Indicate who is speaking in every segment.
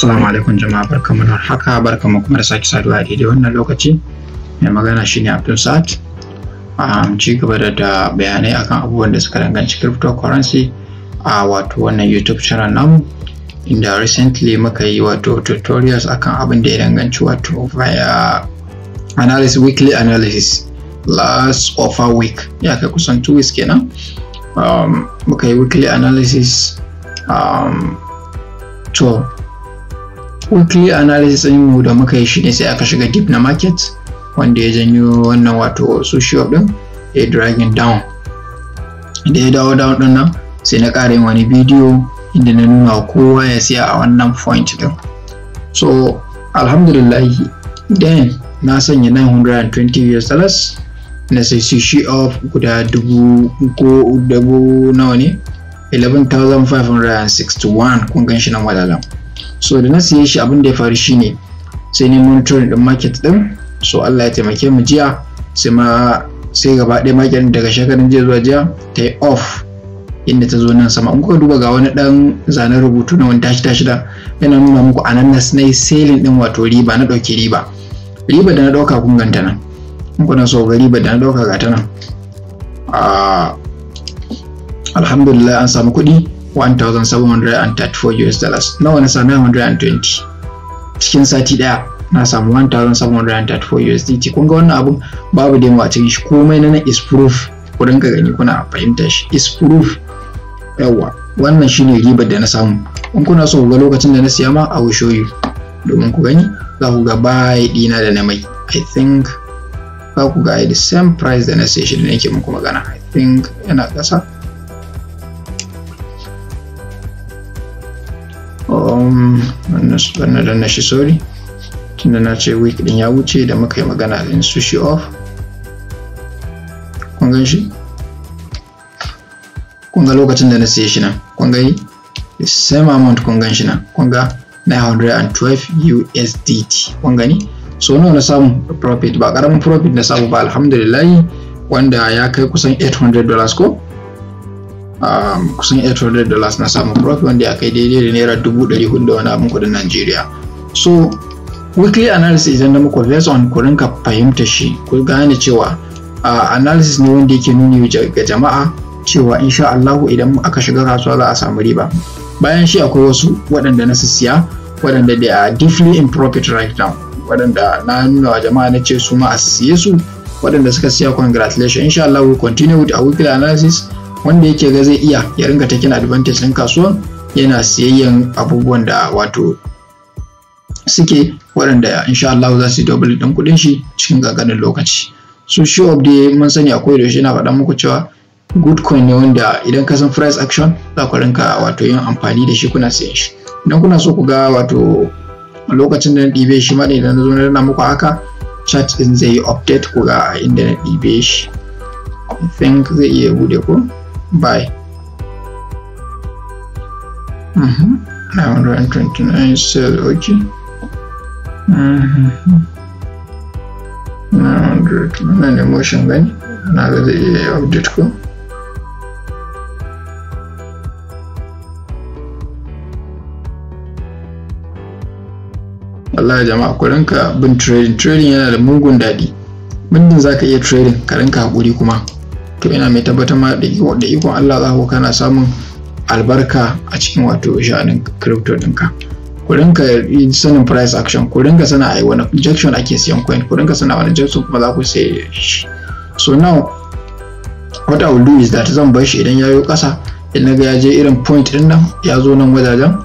Speaker 1: Assalamu alaikum jama'a barkamu da haka barkamu kuma da sake saduwa a daidai wannan lokaci mai magana shine Abdul Sa'ad a ci gaba da, da bayanai akan abubuwan da suka danganci cryptocurrency a wato wannan YouTube channel namu inda recently muka yi wato tutorials akan abin da ya danganci wato via analysis weekly analysis last offer week ya kai kusan two weeks kenan um, muka yi weekly analysis um, to weekly analysis mu da muka yi shi ne sai aka shiga deep na market wanda ya janyo wannan wato social din ya dragging down da ya dawo down din nan sai na ƙara yin wani bidiyo inda na nuna kowa ya siya a wannan point din so alhamdulillah then na sanya 920 US dollars na sai shi of guda dubu ko dubu nawa ne 11,561 kun gan shi nan wadalan so da na siye shi abin da ya faru shine sai ne monitorin din market ɗin so Allah ya taimake mu jiya sai ma sai gaba ɗaya market daga shekarun jiya zuwa jiya ta yi off inda ta zo nan sama in kuka duba ga wani ɗan zanen rubutu na wani tashi tashi da yana nuna muku ananas na yi selin din wato riba na ɗauki riba riba da na ɗauka kun ganta nan in kuna so ga riba da na ɗauka ga ta nan ah, alhamdulillah an samu kuɗi 1734 US dollars Na wani sami 120 cikin sati daya na samu 1734 USDT kun ga wannan abun babu da a cikin shi komai na na is proof ku dinga gani kuna fahimta shi is proof yawa wannan shine ribar da na samu in kuna so ga lokacin da na siya ma I will show domin ku gani za ku ga buy dina da na mai I think za ku ga the same price da na siya shi da nake muku magana I think yana kasa um, na shi sorry tunda na ce week din ya wuce da muka yi magana in su shi off kun gan shi kun ga lokacin da na siye shi nan kun yi the same amount kun gan shi nan kun ga 912 USDT kun gani so nawa na samu profit ba karamin profit na samu ba alhamdulillah wanda ya kai kusan 800 dollars ko um, kusan 800 dollars na samun profit wanda ya kai daidai da naira 400 da wani abin kudin Najeriya. So weekly analysis idan da muku based on kurin ka fahimta shi ku gane cewa uh, analysis ne wanda yake nuni ga jama'a cewa insha Allah idan aka shiga kasuwa za a samu riba. Bayan shi akwai wasu waɗanda na siya waɗanda da are deeply in profit right now waɗanda na nuna wa jama'a na ce su ma a siye su waɗanda suka siya congratulations insha Allah we continue with our weekly analysis wanda yake ga zai iya ya ringa taken advantage ɗin kasuwan yana siyayyan abubuwan da wato suke waɗanda insha Allah za su double ɗin kuɗin shi cikin gaganin lokaci so show of the mun sani akwai da shi na faɗa muku cewa good coin ne wanda idan ka san price action za ku rinka wato yin amfani da shi kuna siyan shi idan kuna so ku ga wato lokacin da na ɗibe shi ma idan na zo na rana muku haka chat din zai yi update ku ga inda na ɗibe shi I think zai iya bude ko by mm -hmm. 129 cell okay mm -hmm. 900 wannan ne motion gani na ga zai iya update go. Allah jama'a ku rinka bin trading trading yana da mugun daɗi muddin zaka iya trading ka rinka haƙuri kuma to ina mai tabbatar ma da ikon Allah za ku kana samun albarka a cikin wato sha'anin crypto ɗinka ku rinka sanin price action ku rinka sana a wani injection ake siyan coin ku rinka sana wani injection kuma za ku sai shi so now what I will do is that zan bar shi idan ya yi ƙasa idan ga ya je irin point ɗin nan ya zo nan wajajen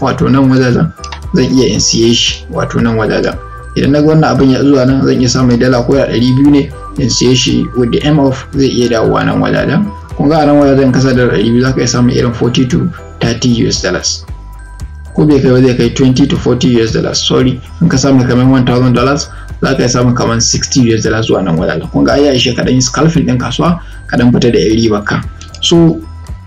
Speaker 1: wato nan wajajen zan iya in siye shi wato nan wajajen idan na ga wannan abin ya zuwa nan zan iya samun dala ko ya ɗari biyu ne in siye shi with the m of zai iya dawo wa nan wajajen kun ga nan wajajen kasa da ɗari biyu za ka iya samun irin 40 to 30 US dollars ko bai kai zai kai 20 to 40 US dollars sorry in ka samu kamar 1000 dollars za ka iya samun kamar 60 US dollars zuwa nan wajajen kun ga ai ya ishe kaɗan yi scalping ɗin kasuwa kaɗan fita da 'yan ribar ka so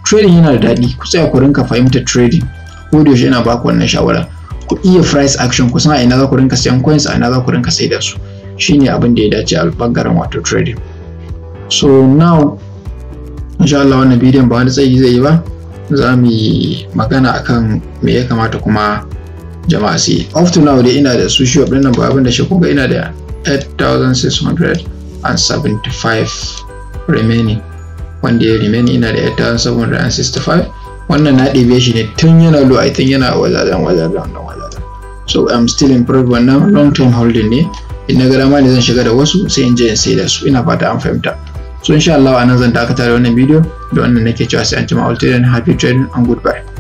Speaker 1: trading yana da daɗi ku tsaya ku rinka fahimtar trading ko da yaushe ina baku wannan shawara ku iya price action ku san a ina za ku rinka sayan coins a ina za ku rinka sai da su shine abin da ya dace a bangaren wato trading so now insha Allah wannan bidiyon ba wani tsayi zai yi ba za mu yi magana akan me ya kamata kuma jama'a su yi off to now dai ina da su shop din nan ba abin da shi kuka ina da 8675 remaining wanda ya remaining ina da 8765 wannan na ɗebe shi ne tun yana low i think yana wazazen wazazen wazazen so i'm still in progress wannan long term holding ne in na gara ma ne zan shiga da wasu sai in je in sai da su ina fata an fahimta so insha Allah a nan zan dakata da wannan bidiyo da wannan nake cewa sai an jima all happy trading and goodbye